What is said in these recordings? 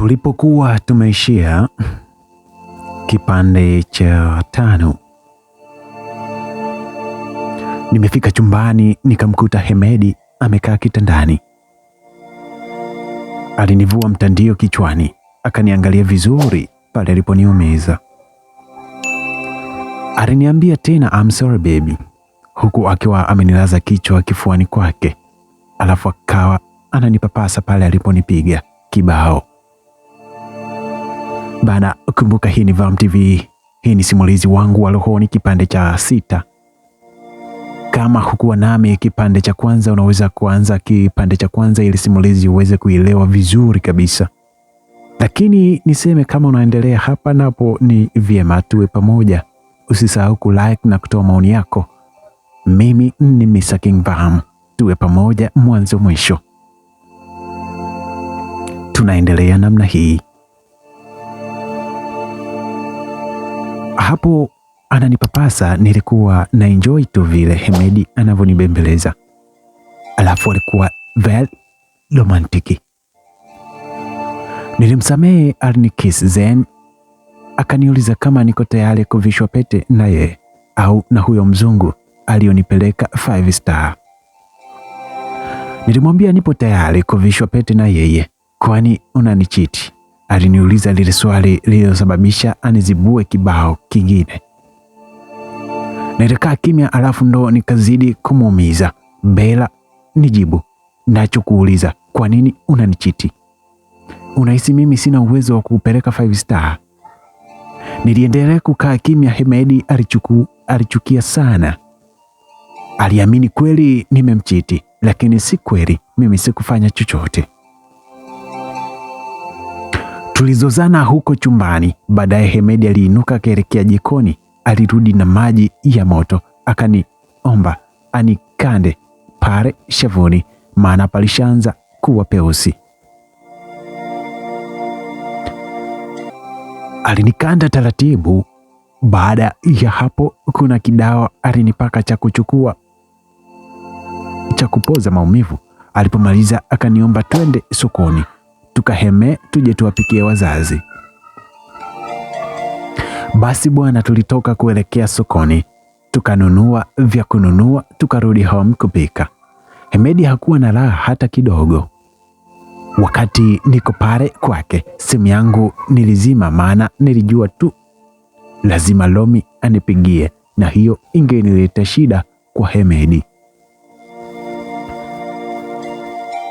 Tulipokuwa tumeishia kipande cha tano, nimefika chumbani nikamkuta Hemedi amekaa kitandani. Alinivua mtandio kichwani, akaniangalia vizuri pale aliponiumiza. Aliniambia tena I'm sorry baby, huku akiwa amenilaza kichwa kifuani kwake, alafu akawa ananipapasa pale aliponipiga kibao. Bana, kumbuka hii ni Vam TV, hii ni simulizi wangu wa rohoni kipande cha sita. Kama hukuwa nami kipande cha kwanza, unaweza kuanza kipande cha kwanza ili simulizi uweze kuielewa vizuri kabisa. Lakini niseme kama unaendelea hapa napo, ni vyema tuwe pamoja. Usisahau like na kutoa maoni yako. Mimi ni Mr. King Vam, tuwe pamoja mwanzo mwisho, tunaendelea namna hii. Hapo ananipapasa nilikuwa na enjoy tu vile Hemedi anavyonibembeleza, alafu alikuwa very romantic. Nilimsamehe alinikiss then akaniuliza kama niko tayari kuvishwa pete na ye au na huyo mzungu alionipeleka five star. Nilimwambia nipo tayari kuvishwa pete na yeye, kwani unanichiti? aliniuliza lile swali lililosababisha anizibue kibao kingine. Nilikaa kimya, alafu ndo nikazidi kumuumiza. Bela, nijibu nachokuuliza, kwa nini unanichiti? Unahisi mimi sina uwezo wa kupeleka five star? Niliendelea kukaa kimya. Hemedi alichuku, alichukia sana, aliamini kweli nimemchiti, lakini si kweli, mimi sikufanya chochote. Tulizozana huko chumbani. Baadaye Hemedi aliinuka akaelekea jikoni, alirudi na maji ya moto, akaniomba anikande pale shavuni, maana palishaanza kuwa peusi. Alinikanda taratibu. Baada ya hapo, kuna kidawa alinipaka cha kuchukua cha kupoza maumivu. Alipomaliza akaniomba twende sokoni tukaheme tuje tuwapikie wazazi. Basi bwana, tulitoka kuelekea sokoni, tukanunua vya kununua, tukarudi home kupika. Hemedi hakuwa na raha hata kidogo. Wakati niko pale kwake, simu yangu nilizima, maana nilijua tu lazima Lomi anipigie, na hiyo ingenileta shida kwa Hemedi.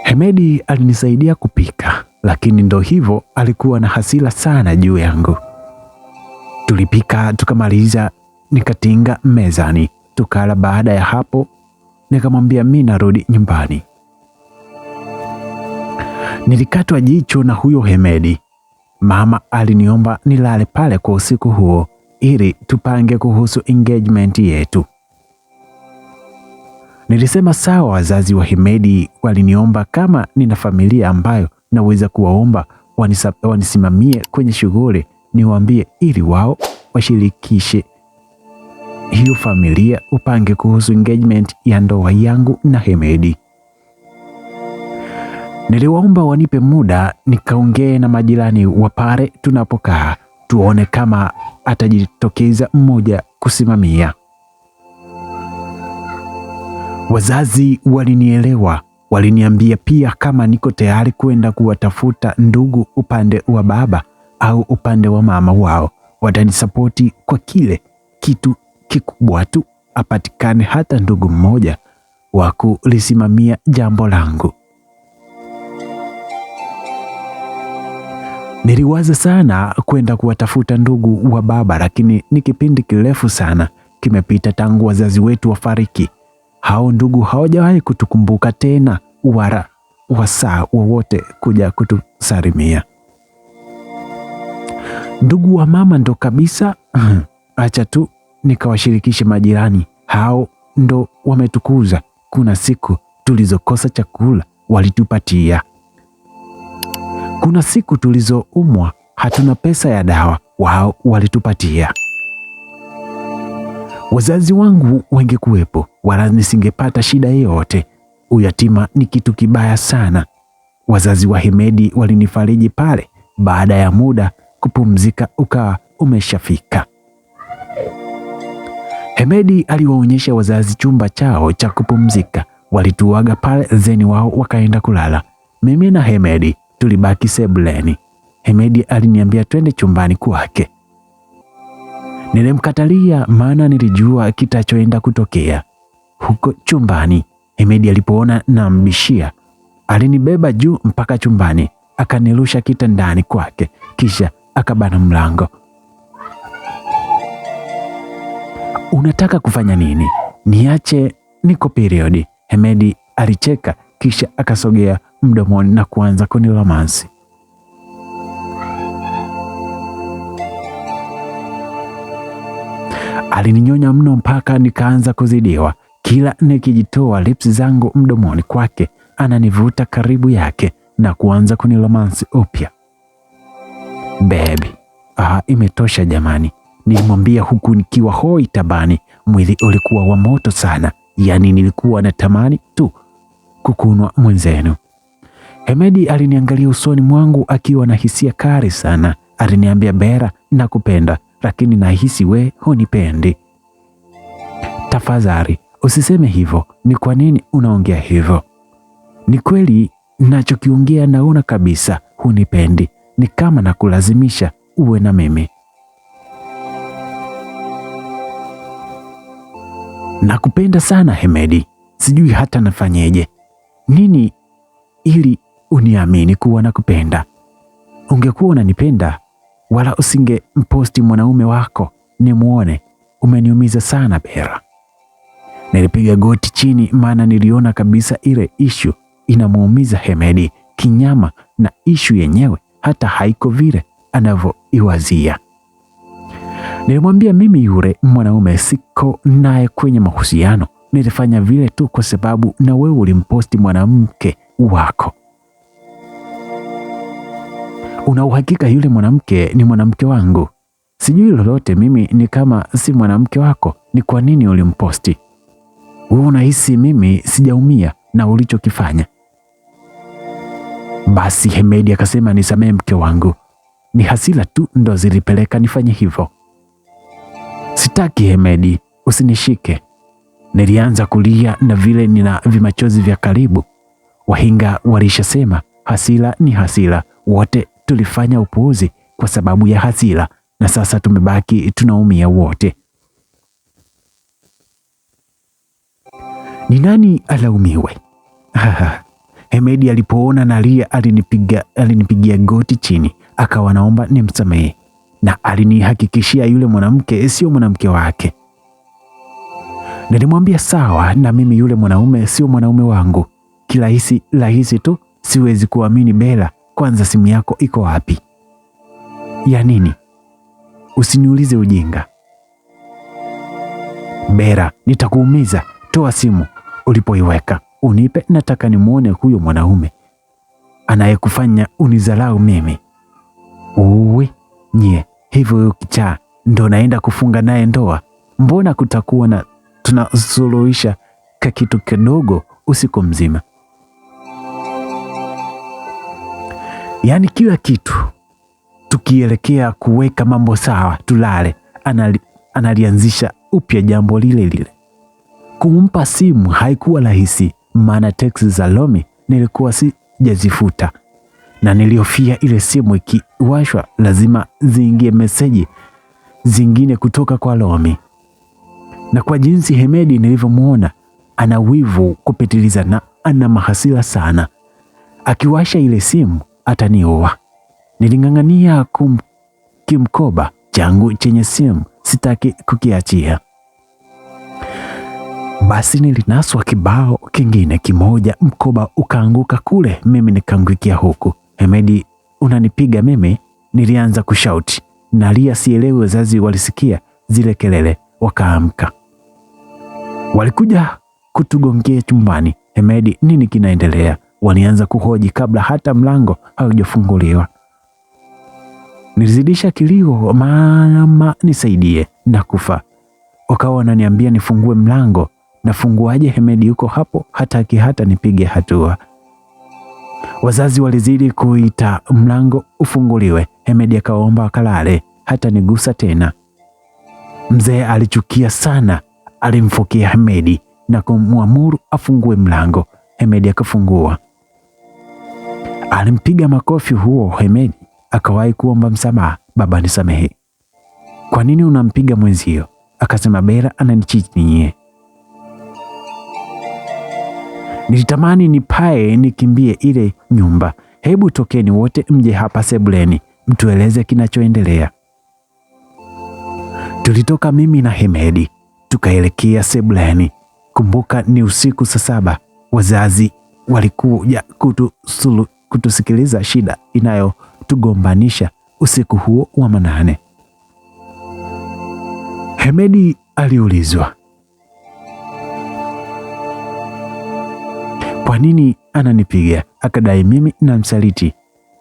Hemedi alinisaidia kupika lakini ndo hivyo, alikuwa na hasira sana juu yangu. Tulipika tukamaliza, nikatinga mezani tukala. Baada ya hapo, nikamwambia mi narudi nyumbani. Nilikatwa jicho na huyo Hemedi. Mama aliniomba nilale pale kwa usiku huo ili tupange kuhusu engagement yetu. Nilisema sawa. Wazazi wa Hemedi waliniomba kama nina familia ambayo naweza kuwaomba wanisimamie kwenye shughuli, niwaambie ili wao washirikishe hiyo familia, upange kuhusu engagement ya ndoa yangu na Hemedi. Niliwaomba wanipe muda nikaongee na majirani wa pale tunapokaa, tuone kama atajitokeza mmoja kusimamia. Wazazi walinielewa Waliniambia pia kama niko tayari kwenda kuwatafuta ndugu upande wa baba au upande wa mama wao, watanisapoti kwa kile kitu kikubwa tu apatikane hata ndugu mmoja wa kulisimamia jambo langu. Niliwaza sana kwenda kuwatafuta ndugu wa baba, lakini ni kipindi kirefu sana kimepita tangu wazazi wetu wafariki. Hao ndugu hawajawahi kutukumbuka tena wala wasaa wowote kuja kutusalimia. Ndugu wa mama ndo kabisa. Acha tu nikawashirikishe majirani, hao ndo wametukuza. Kuna siku tulizokosa chakula walitupatia, kuna siku tulizoumwa hatuna pesa ya dawa, wao walitupatia. Wazazi wangu wangekuwepo, wala nisingepata shida yoyote. Uyatima ni kitu kibaya sana. Wazazi wa Hemedi walinifariji pale. Baada ya muda, kupumzika ukawa umeshafika. Hemedi aliwaonyesha wazazi chumba chao cha kupumzika. Walituaga pale zeni wao wakaenda kulala. Mimi na Hemedi tulibaki sebuleni. Hemedi aliniambia twende chumbani kwake. Nilimkatalia maana nilijua kitachoenda kutokea. Huko chumbani, Hemedi alipoona nambishia, alinibeba juu mpaka chumbani, akanirusha kitandani kwake, kisha akabana mlango. Unataka kufanya nini? Niache, niko periodi. Hemedi alicheka kisha akasogea mdomoni na kuanza kunilomansi. Alininyonya mno mpaka nikaanza kuzidiwa. Kila nikijitoa lips zangu mdomoni kwake, ananivuta karibu yake na kuanza kunilomansi upya. Bebi, ah, imetosha jamani, nilimwambia huku nikiwa hoi tabani. Mwili ulikuwa wa moto sana, yaani nilikuwa natamani tu kukunwa mwenzenu. Hemedi aliniangalia usoni mwangu akiwa na hisia kali sana. Aliniambia, Bera, nakupenda lakini nahisi we hunipendi. Tafadhali usiseme hivyo. Ni kwa nini unaongea hivyo? Ni kweli nachokiongea, naona kabisa hunipendi, ni kama nakulazimisha uwe na mimi. Nakupenda sana Hemedi, sijui hata nafanyeje nini ili uniamini kuwa nakupenda. Ungekuwa unanipenda wala usingemposti mwanaume wako nimwone. Umeniumiza sana Bera. Nilipiga goti chini, maana niliona kabisa ile ishu inamuumiza Hemedi kinyama, na ishu yenyewe hata haiko vile anavyoiwazia. Nilimwambia mimi yule mwanaume siko naye kwenye mahusiano, nilifanya vile tu kwa sababu na wewe ulimposti mwanamke wako una uhakika yule mwanamke ni mwanamke wangu? Sijui lolote mimi, ni kama si mwanamke wako, ni kwa nini ulimposti? Wewe unahisi mimi sijaumia na ulichokifanya? Basi Hemedi akasema, nisamehe mke wangu, ni hasira tu ndo zilipeleka nifanye hivyo. Sitaki Hemedi, usinishike. Nilianza kulia na vile nina vimachozi vya karibu. Wahinga walishasema hasira ni hasira, wote tulifanya upuuzi kwa sababu ya hasira, na sasa tumebaki tunaumia wote. Ni nani alaumiwe? Hemedi alipoona nalia, alinipiga alinipigia goti chini, akawa naomba nimsamehe, na alinihakikishia yule mwanamke sio mwanamke wake. Nilimwambia sawa, na mimi yule mwanaume sio mwanaume wangu. Kirahisi rahisi tu, siwezi kuamini Bela kwanza simu yako iko wapi? Ya nini? Usiniulize ujinga. Bera, nitakuumiza. Toa simu ulipoiweka, unipe. Nataka nimwone huyo mwanaume anayekufanya unizalau mimi. Uwe nye hivyo, huyo kichaa ndo naenda kufunga naye ndoa? Mbona kutakuwa na tunasuluhisha kitu kidogo usiku mzima. yaani kila kitu tukielekea kuweka mambo sawa, tulale, anali, analianzisha upya jambo lile lile. Kumpa simu haikuwa rahisi, maana teksi za Lomi nilikuwa sijazifuta na nilihofia ile simu ikiwashwa lazima ziingie meseji zingine kutoka kwa Lomi. Na kwa jinsi Hemedi nilivyomwona, ana wivu kupitiliza na ana mahasira sana, akiwasha ile simu ataniua. Niling'ang'ania kimkoba changu chenye simu, sitaki kukiachia. Basi nilinaswa kibao kingine kimoja, mkoba ukaanguka kule, mimi nikaangukia huku. Hemedi, unanipiga mimi? Nilianza kushauti, nalia sielewi. Wazazi walisikia zile kelele, wakaamka, walikuja kutugongea chumbani. Hemedi, nini kinaendelea? walianza kuhoji kabla hata mlango haujafunguliwa. Nilizidisha kilio, mama nisaidie, nakufa. Wakawa wananiambia nifungue mlango. Nafunguaje? Hemedi yuko hapo, hataki hata nipige hatua. Wazazi walizidi kuita mlango ufunguliwe. Hemedi akaomba akalale, hata nigusa tena. Mzee alichukia sana, alimfukia Hemedi na kumwamuru afungue mlango. Hemedi akafungua. Alimpiga makofi huo Hemedi, akawahi kuomba msamaha, baba nisamehe. Kwa nini unampiga mwenzio? Akasema Bera ananichinyie, Nilitamani nipae nikimbie ile nyumba. Hebu tokeni wote mje hapa sebuleni, mtueleze kinachoendelea. Tulitoka mimi na Hemedi tukaelekea sebuleni. Kumbuka ni usiku saa saba, wazazi walikuja kutusulu kutusikiliza shida inayotugombanisha usiku huo wa manane. Hemedi aliulizwa kwa nini ananipiga, akadai mimi na msaliti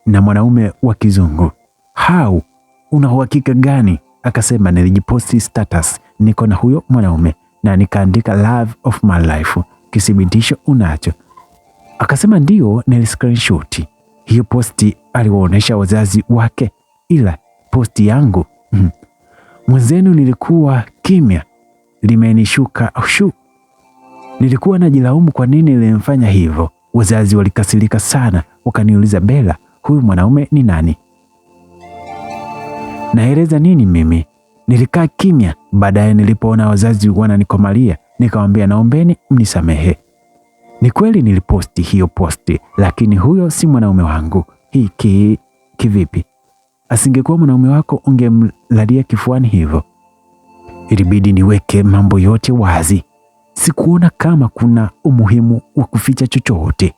na mwanaume wa kizungu. Hau, una uhakika gani? Akasema nilijiposti status niko na huyo mwanaume na nikaandika love of my life. Kithibitisho unacho. Akasema ndio niliscreenshot hiyo posti aliwaonesha wazazi wake, ila posti yangu mm, mwenzenu nilikuwa kimya, limenishuka shu. Nilikuwa najilaumu kwa nini nilimfanya hivyo. Wazazi walikasirika sana, wakaniuliza Bella, huyu mwanaume ni nani? Naeleza nini mimi? Nilikaa kimya. Baadaye nilipoona wazazi wananikomalia, nikawaambia naombeni mnisamehe. Ni kweli niliposti hiyo posti, lakini huyo si mwanaume wangu. Hii ki, kivipi? Asingekuwa mwanaume wako ungemlalia kifuani hivyo? Ilibidi niweke mambo yote wazi. Sikuona kama kuna umuhimu wa kuficha chochote.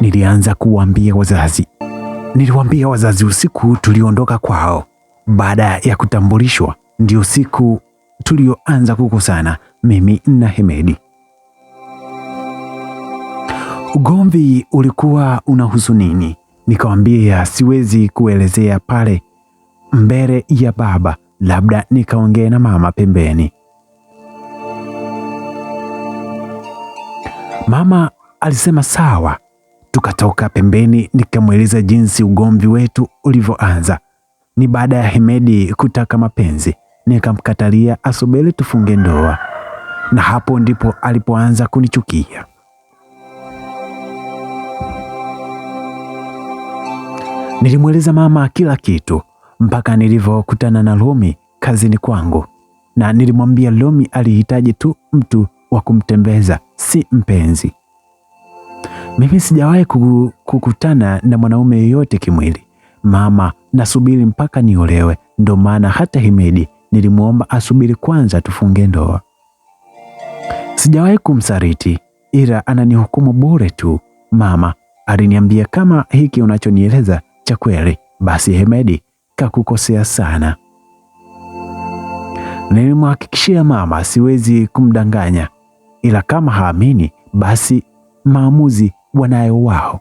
Nilianza kuwaambia wazazi. Niliwaambia wazazi usiku tuliondoka kwao. Baada ya kutambulishwa, ndio siku tulioanza kukosana mimi na Hemedi. Ugomvi ulikuwa unahusu nini? Nikamwambia siwezi kuelezea pale mbele ya baba, labda nikaongea na mama pembeni. Mama alisema sawa. Tukatoka pembeni, nikamweleza jinsi ugomvi wetu ulivyoanza. Ni baada ya Hemedi kutaka mapenzi, nikamkatalia asubiri tufunge ndoa, na hapo ndipo alipoanza kunichukia. Nilimweleza mama kila kitu mpaka nilivyokutana na Lomi kazini kwangu, na nilimwambia Lomi alihitaji tu mtu wa kumtembeza, si mpenzi. Mimi sijawahi kukutana na mwanaume yeyote kimwili mama, nasubiri mpaka niolewe. Ndo maana hata himedi nilimwomba asubiri kwanza tufunge ndoa. Sijawahi kumsariti ila ananihukumu bure tu. Mama aliniambia kama hiki unachonieleza cha kweli, basi Hemedi kakukosea sana. Nilimhakikishia mama siwezi kumdanganya, ila kama haamini basi maamuzi wanayo wao.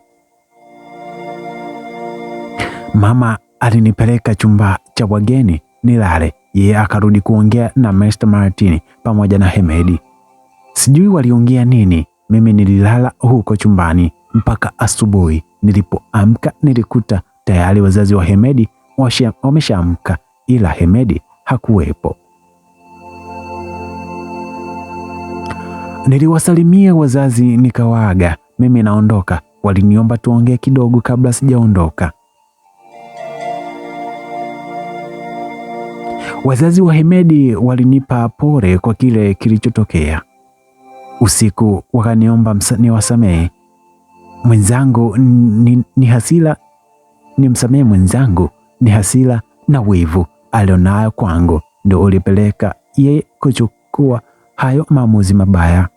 Mama alinipeleka chumba cha wageni nilale, yeye akarudi kuongea na Mr. Martini pamoja na Hemedi. Sijui waliongea nini, mimi nililala huko chumbani mpaka asubuhi. Nilipoamka nilikuta Tayari wazazi wa Hemedi wameshaamka, ila Hemedi hakuwepo. Niliwasalimia wazazi nikawaaga, mimi naondoka. Waliniomba tuongee kidogo kabla sijaondoka. Wazazi wa Hemedi walinipa pole kwa kile kilichotokea usiku, wakaniomba niwasamehe. Mwenzangu ni, ni hasira nimsamehe mwenzangu, ni hasira na wivu alionayo kwangu ndio ulipeleka yeye kuchukua hayo maamuzi mabaya.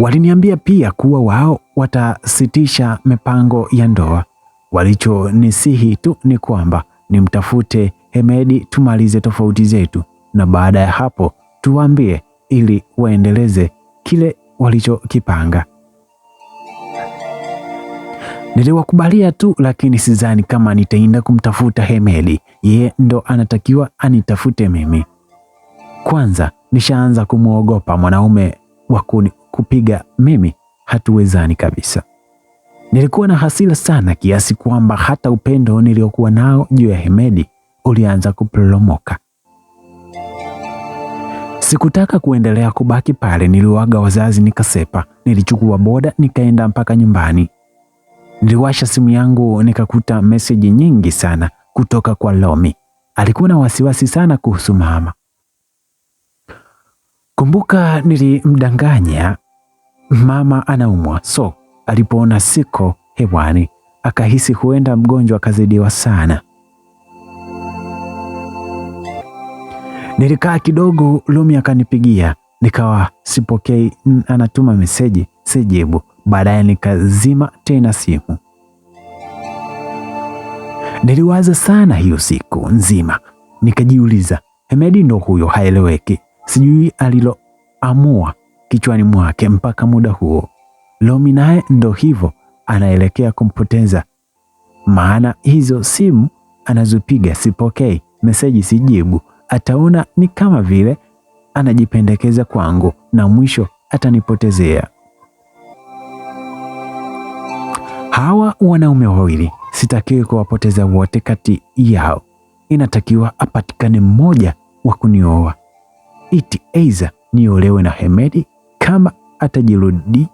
Waliniambia pia kuwa wao watasitisha mipango ya ndoa. Walichonisihi tu ni kwamba nimtafute Hemedi tumalize tofauti zetu, na baada ya hapo tuwaambie, ili waendeleze kile walichokipanga. Niliwakubalia tu, lakini sidhani kama nitaenda kumtafuta Hemedi. Yeye ndo anatakiwa anitafute mimi. Kwanza nishaanza kumwogopa mwanaume wa kupiga mimi, hatuwezani kabisa. Nilikuwa na hasira sana kiasi kwamba hata upendo niliokuwa nao juu ya Hemedi ulianza kuporomoka. Sikutaka kuendelea kubaki pale, niliwaga wazazi nikasepa. Nilichukua boda nikaenda mpaka nyumbani. Niliwasha simu yangu nikakuta meseji nyingi sana kutoka kwa Lomi. Alikuwa na wasiwasi sana kuhusu mama. Kumbuka nilimdanganya mama anaumwa, so alipoona siko hewani akahisi huenda mgonjwa akazidiwa sana. Nilikaa kidogo, Lomi akanipigia, nikawa sipokei, anatuma meseji sijibu. Baadaye nikazima tena simu. Niliwaza sana hiyo siku nzima, nikajiuliza, Hemedi ndo huyo haeleweki, sijui aliloamua kichwani mwake mpaka muda huo. Lomi naye ndo hivyo, anaelekea kumpoteza, maana hizo simu anazopiga sipokei, meseji sijibu, ataona ni kama vile anajipendekeza kwangu na mwisho atanipotezea. Hawa wanaume wawili sitakiwi kuwapoteza wote kati yao, inatakiwa apatikane mmoja wa kunioa. Iti aiza niolewe na Hemedi kama atajirudi,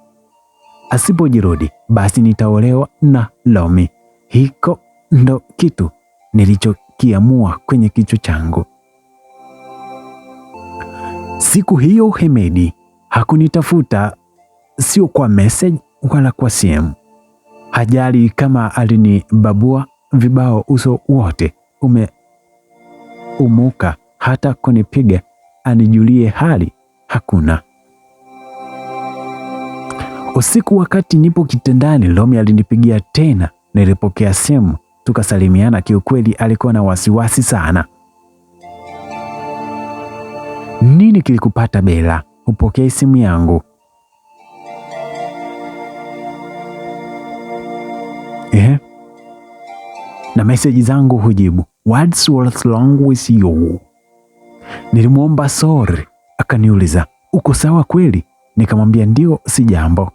asipojirudi basi nitaolewa na Lomi. Hiko ndo kitu nilichokiamua kwenye kichwa changu. Siku hiyo Hemedi hakunitafuta, sio kwa message wala kwa simu hajali kama alinibabua vibao, uso wote umeumuka, hata kunipiga anijulie hali hakuna. Usiku wakati nipo kitandani, Lomi alinipigia tena, nilipokea simu tukasalimiana. Kiukweli alikuwa na wasiwasi sana. Nini kilikupata bela Hupokei simu yangu? Ehe. Na meseji zangu hujibu What's wrong with you? Nilimwomba sorry, akaniuliza uko sawa kweli? Nikamwambia ndio, si jambo.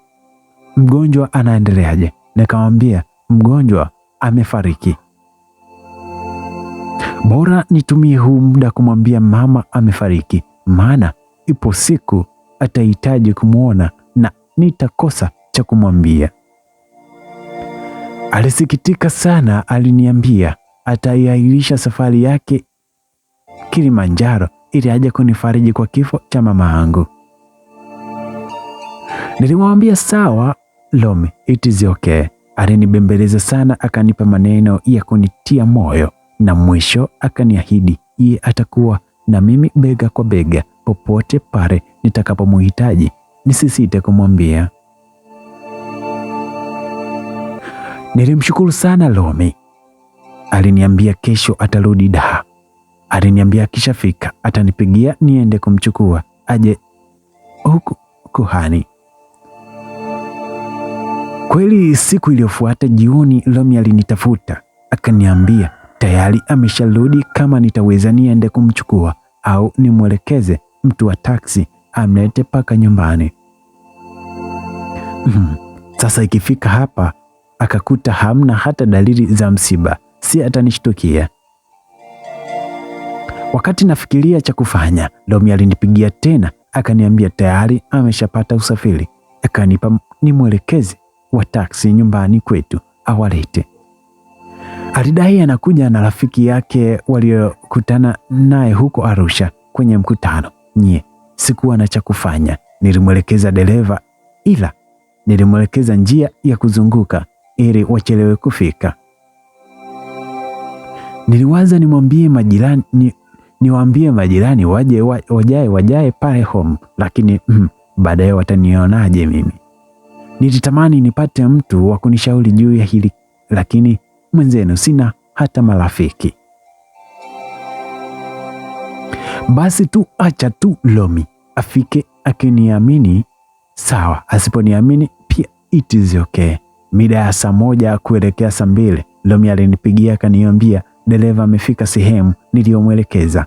Mgonjwa anaendeleaje? Nikamwambia mgonjwa amefariki. Bora nitumie huu muda kumwambia mama amefariki, maana ipo siku atahitaji kumwona na nitakosa cha kumwambia. Alisikitika sana, aliniambia ataiahirisha safari yake Kilimanjaro ili aje kunifariji kwa kifo cha mama yangu. Nilimwambia sawa Lomi, it is okay. Alinibembeleza sana, akanipa maneno ya kunitia moyo na mwisho akaniahidi yeye atakuwa na mimi bega kwa bega popote pale nitakapomuhitaji, nisisite kumwambia. Nilimshukuru sana Lomi, aliniambia kesho atarudi Daha. Aliniambia akishafika atanipigia niende kumchukua aje huku kuhani. Kweli siku iliyofuata jioni, Lomi alinitafuta akaniambia tayari amesharudi, kama nitaweza niende kumchukua au nimwelekeze mtu wa taksi amlete mpaka nyumbani. Hmm, sasa ikifika hapa akakuta hamna hata dalili za msiba, si atanishtukia. Wakati nafikiria cha kufanya, Domi alinipigia tena, akaniambia tayari ameshapata usafiri, akanipa ni mwelekezi wa taksi nyumbani kwetu awalete. Alidai anakuja na rafiki yake waliokutana naye huko Arusha kwenye mkutano. Nye, sikuwa na cha kufanya, nilimwelekeza dereva, ila nilimwelekeza njia ya kuzunguka ili wachelewe kufika. Niliwaza nimwambie majirani ni, niwaambie majirani waje wa, wajae wajae pale home, lakini mm, baadaye watanionaje mimi? Nilitamani nipate mtu wa kunishauri juu ya hili, lakini mwenzenu sina hata marafiki. Basi tu acha tu Lomi afike akiniamini, sawa. Asiponiamini pia it is okay mida ya saa moja kuelekea saa mbili Lomi alinipigia akaniambia dereva amefika sehemu niliyomwelekeza.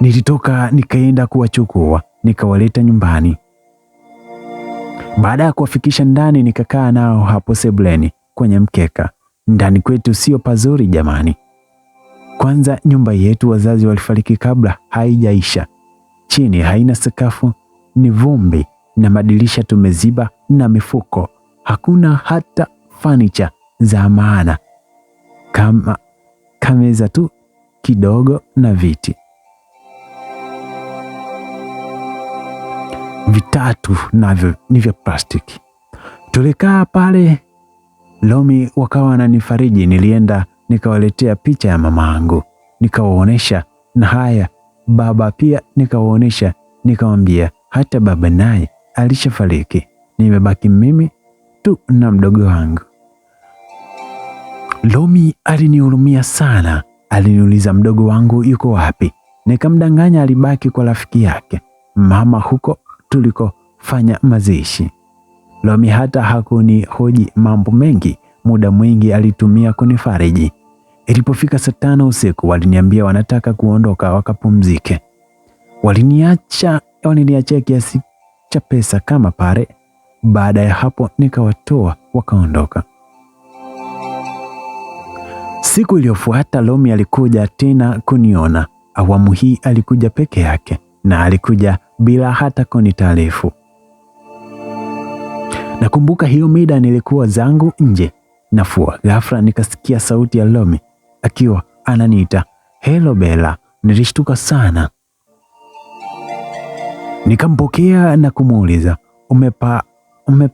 Nilitoka nikaenda kuwachukua nikawaleta nyumbani. Baada ya kuwafikisha ndani, nikakaa nao hapo sebuleni kwenye mkeka. Ndani kwetu sio pazuri jamani. Kwanza nyumba yetu wazazi walifariki kabla haijaisha, chini haina sakafu, ni vumbi na madirisha tumeziba na mifuko hakuna hata fanicha za maana kama kameza tu kidogo na viti vitatu navyo ni vya plastiki. Tulikaa pale Lomi wakawa wananifariji, nilienda nikawaletea picha ya mama angu nikawaonesha, na haya baba pia nikawaonesha, nikamwambia hata baba naye alishafariki, nimebaki mimi tu na mdogo wangu. Lomi alinihurumia sana, aliniuliza mdogo wangu yuko wapi. Nikamdanganya alibaki kwa rafiki yake mama huko tulikofanya mazishi. Lomi hata hakunihoji mambo mengi, muda mwingi alitumia kunifariji. Ilipofika saa tano usiku, waliniambia wanataka kuondoka wakapumzike. Waliniacha, waliniachia kiasi cha pesa kama pale baada ya hapo nikawatoa wakaondoka. Siku iliyofuata Lomi alikuja tena kuniona. Awamu hii alikuja peke yake na alikuja bila hata kunitaarifu. Nakumbuka hiyo mida nilikuwa zangu nje nafua, ghafla nikasikia sauti ya Lomi akiwa ananiita, helo Bela. Nilishtuka sana, nikampokea na kumuuliza umepa ume,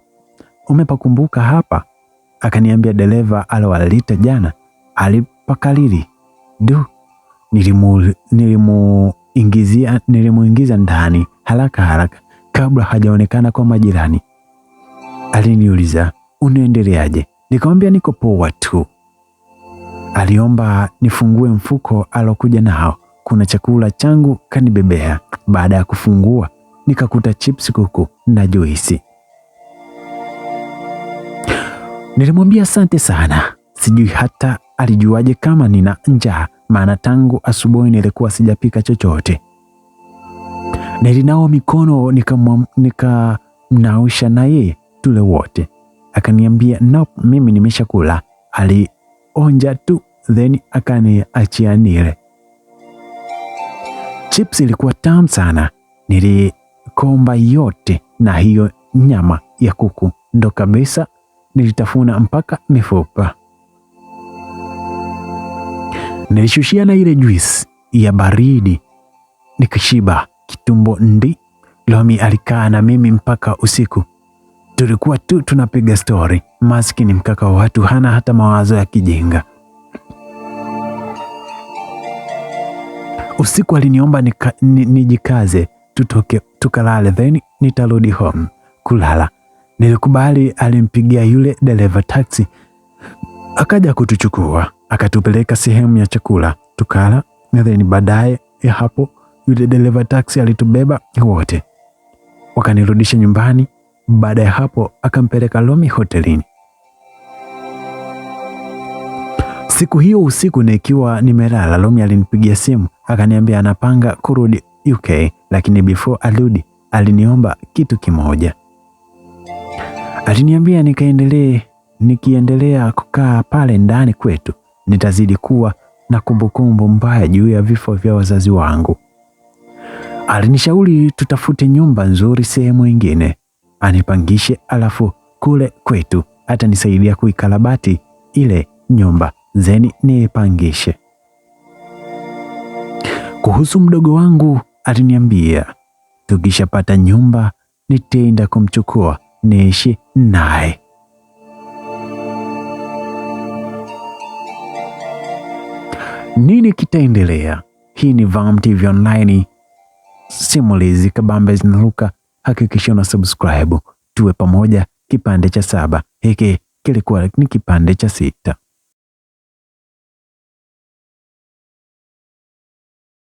umepakumbuka hapa? Akaniambia dereva alowalita jana alipakalili. Du, nilimu nilimu nilimuingiza ndani haraka haraka kabla hajaonekana kwa majirani. Aliniuliza unaendeleaje? Nikamwambia niko poa tu. Aliomba nifungue mfuko alokuja nao, kuna chakula changu kanibebea. Baada ya kufungua nikakuta chips, kuku na juisi. Nilimwambia asante sana. Sijui hata alijuaje kama nina njaa, maana tangu asubuhi nilikuwa sijapika chochote. Nilinao mikono nikamnawisha na yeye tule wote, akaniambia nope, mimi nimeshakula. Alionja tu then akaniachia nile. Chips ilikuwa tamu sana, nilikomba yote, na hiyo nyama ya kuku ndo kabisa nilitafuna mpaka mifupa. Nilishushia na ile juisi ya baridi nikishiba kitumbo. Ndi Lomi alikaa na mimi mpaka usiku, tulikuwa tu tunapiga stori. ni mkaka wa watu, hana hata mawazo ya kijinga. Usiku aliniomba nijikaze tutoke tukalale, then nitarudi home kulala. Nilikubali, alimpigia yule dereva taksi, akaja kutuchukua akatupeleka sehemu ya chakula tukala, na then baadaye ya hapo yule dereva taksi alitubeba wote wakanirudisha nyumbani. Baada ya hapo akampeleka Lomi hotelini. Siku hiyo usiku nikiwa nimelala, Lomi alinipigia simu akaniambia anapanga kurudi UK, lakini before arudi aliniomba kitu kimoja. Aliniambia nikaendelee, nikiendelea kukaa pale ndani kwetu nitazidi kuwa na kumbukumbu mbaya juu ya vifo vya wazazi wangu. Alinishauri tutafute nyumba nzuri sehemu ingine, anipangishe, alafu kule kwetu atanisaidia kuikarabati ile nyumba zeni niipangishe. Kuhusu mdogo wangu aliniambia tukishapata nyumba nitaenda kumchukua niishi Nej. Nini kitaendelea? Hii ni Vam TV Online, simulizi kabambe zinaruka. Hakikisha una subscribe, tuwe pamoja. Kipande cha saba hiki kilikuwa ni kipande cha sita.